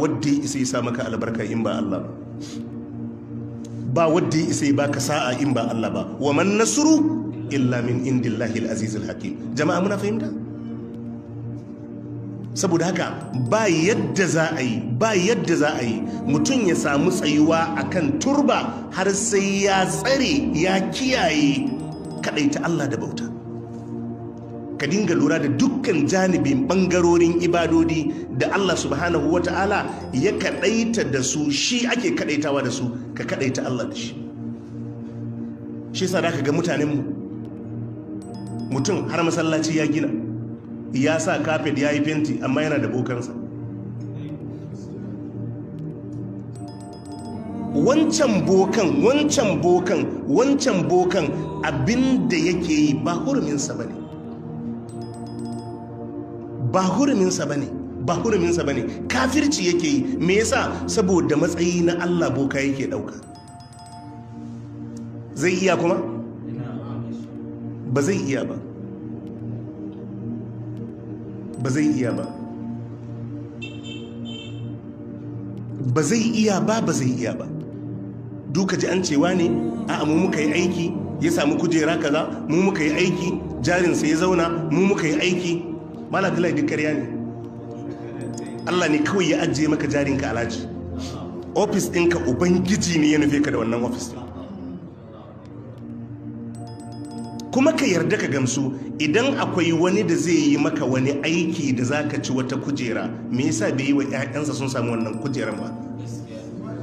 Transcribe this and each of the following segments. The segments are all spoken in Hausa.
wadda isa yi sa maka albarka in ba Allah ba wadda isa baka sa'a in ba Allah ba wa man nasru illa min indillahi al-aziz hakim jama'a muna fahimta saboda haka ba yadda za a yi ba yadda za a yi mutum ya samu tsayuwa akan turba har sai ya tsare ya kiyaye kaɗaita Allah da bauta ka dinga lura da dukkan janibin bangarorin ibadodi da Allah subhanahu wa ta'ala ya kaɗaita da su shi ake kaɗaitawa da su ka kaɗaita Allah da shi shi sa da ka ga mutanenmu mutum har masallaci ya gina ya sa kafet ya yi fenti amma yana da bokansa wancan bokan wancan bokan wancan bokan abinda yake yi ba huruminsa ba ne ba huruminsa ba ne ba huruminsa ba ne kafirci yake yi me yasa saboda matsayi na allah boka yake ɗauka zai iya kuma ba zai iya ba ba zai iya ba ba zai iya ba ba zai iya ba duka ji an cewa ne a mu muka yi aiki ya samu kujera kaza mu muka yi aiki jarinsa ya zauna mu muka yi aiki mala talai ne Allah ne kawai ya ajiye maka jarinka alhaji ofis ɗinka ubangiji ne ya nufi ka da wannan ofis kuma ka yarda ka gamsu idan akwai wani da zai yi maka wani aiki da za ka ci wata kujera me yasa bai yi wa 'ya'yansa sun samu wannan kujeran ba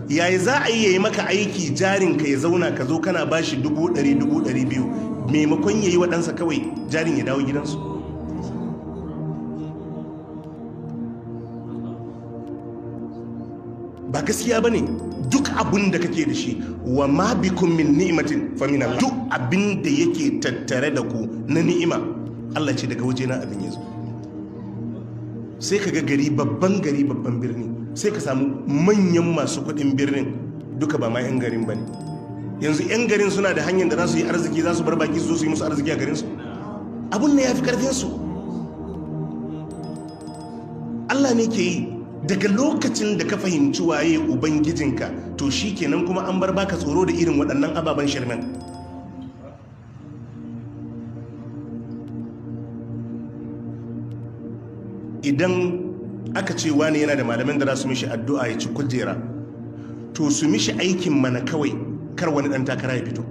yayi za a yi ya yi maka aiki jarin ka ya zauna ka zo kana bashi dubu ɗari dubu ɗari biyu maimakon ya yi waɗansa kawai jarin ya dawo gidansu ba gaskiya bane duk abin da kake da shi wa ma bikum min ni'matin fa duk abin da yake tattare da ku na ni'ima Allah ce daga waje na abin yazo sai ka ga gari babban gari babban birni sai ka samu manyan masu kuɗin birnin duka ba ma 'yan garin ba ne yanzu 'yan garin suna da hanyar da za su yi arziki za su bar baki su su yi musu arziki a garinsu abun ne ya fi karfinsu allah ne ke yi daga lokacin da ka fahimci waye ubangijinka to shi kenan kuma an bar baka tsoro da irin waɗannan ababen shirmen idan aka ce wani yana da malamin da za su mishi addu'a ya ci kujera to su mishi aikin mana kawai kar wani ɗan takara ya fito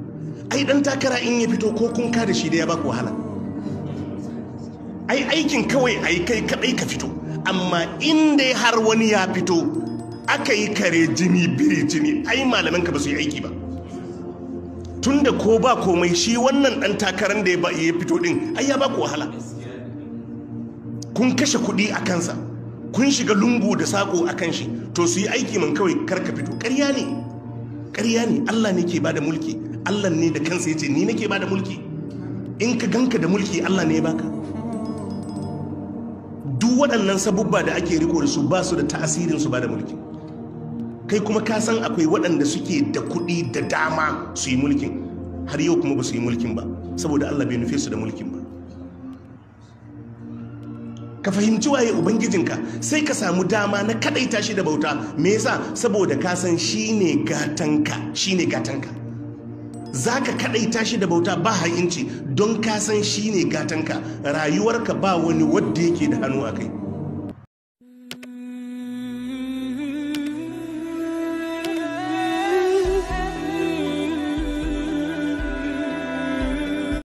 ai ɗan takara in ya fito ko kun ka da shi da ya baku wahala ai aikin kawai ai kai kaɗai ka fito amma in dai har wani ya fito aka yi kare jini biri jini ai malaman ka ba su yi aiki ba tun da ko ba komai shi wannan dan takarar da ya fito din ai ya ba ku wahala kun kashe kuɗi a kansa kun shiga lungu da sako a kan shi to su yi aiki man kawai karka fito ƙarya ne ƙarya ne allah ne ke bada mulki allah ne da kansa ya ce ni nake bada mulki in ka ganka da mulki allah ne ya baka waɗannan sabubba da ake riko da su ba su da tasirin su ba da mulki kai kuma ka san akwai waɗanda suke da kuɗi da dama su yi mulkin har yau kuma ba su yi mulkin ba saboda Allah bai nufe su da mulkin ba ka fahimci waye ubangijinka sai ka samu dama na kadaita shi da bauta me yasa saboda ka san shine gatanka shine gatanka za ka kaɗaita shi da bauta ba hayinci don ka san shi ne gatanka rayuwarka ba wani wadda yake da hannu a kai